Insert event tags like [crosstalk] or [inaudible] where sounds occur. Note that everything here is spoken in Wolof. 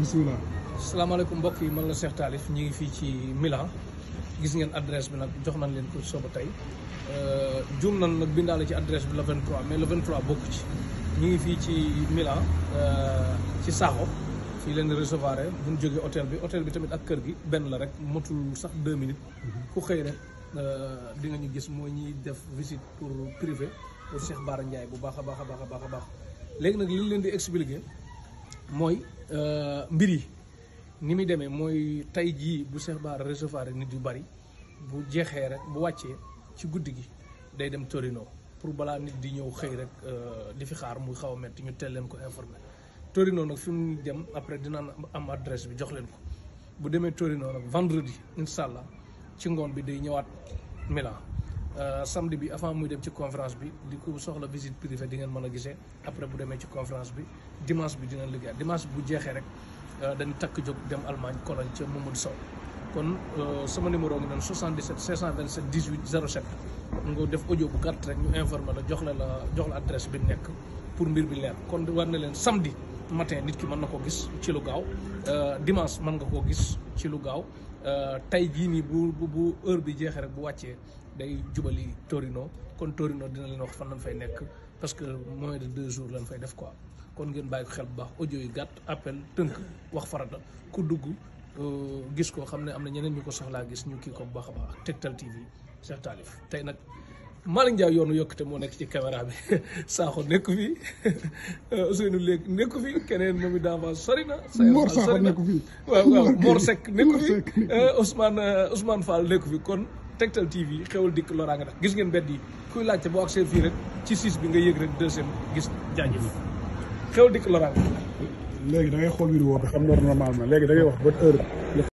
bisimilah. asalaamaaleykum mbokk yi man la Cheikh Talif ñu ngi fii ci Milan gis ngeen adresse bi nag jox nañ leen ko sooba tey euh, juum nañ nag bindaale ci adresse bi la 23 mais la 23 bokk ci ñu ngi fii ci Milan euh, ci Saaxo fii leen recevoir bu ñu jógee hôtel bi hôtel bi tamit ak kër gi benn la rek motul sax deux minutes mhm. ku xëy rek euh, di nga ñu gis mooy ñuy def visite pour privé pour Cheikh Bara Ndiaye bu baax a baax a baax a baax a baax léegi nag li leen di expliquer mooy euh, mbir yi ni muy demee mooy tey jii bu Cheikh Bara recevoir nit yu bari bu jeexee rek bu wàccee ci guddi gi day dem Torino pour balaa nit di ñëw xëy rek euh, di fi xaar muy xaw a metti ñu teel leen ko informé Torino nag fi mu dem après dinaan am adresse bi jox leen ko bu demee Torino nag vendredi incha allah ci ngoon bi day ñëwaat Milan. Euh, samedi bi avant muy dem ci confrance bi di ko soxla visite privée di ngeen mën a gisee après bu demee ci confrance bi dimanche bi dinañ liggéey dimanche bu jeexee rek euh, dañ takk jóg dem Allemagne Cologne ca di Sow kon euh, sama numéro ngi doon 77 527 18 07 nga def ojo bu gàtt rek ñu informer la jox la la jox la adresse bi nekk pour mbir bi leer kon war na leen samedi matin nit ki mën na ko gis ci lu gaaw dimanche mën nga koo gis ci lu gaaw Euh, tey jii nii bu bu bu heure bi jeexee rek bu wàccee day jubali Torino kon Torino dina leen wax fan lañ fay nekk parce que moins de deux jours lañ fay def quoi kon ngeen bàyyi ko xel bu baax audio yi gàtt appel tënk wax farata ku dugg euh, gis ko xam ne am na ñeneen ñu ko soxlaa gis ñu kii ko bu baax a baax Tektal TV Cheikh Talif tey nag. Malick Ndiaye yoonu yokkute moo nekk ci caméra bi [laughs] Sakho nekku fi [laughs] Ousseynou léegi nekku fi keneen moom it dafa sori na. Mor Sakho nekku fi waaw waaw Mor Seck nekku fi eh, Ousmane eh, Ousmane Fall nekku fi kon Tektal TV xewal dikk loraanga nag gis ngeen bedd yi kuy laajte boo ak seen fii rek ci siis bi nga yëg rek deuxième gis jaajëf xewal dikk loraanga. léegi da ngay xool vidéo bi xam normalement léegi da ngay wax ba heure.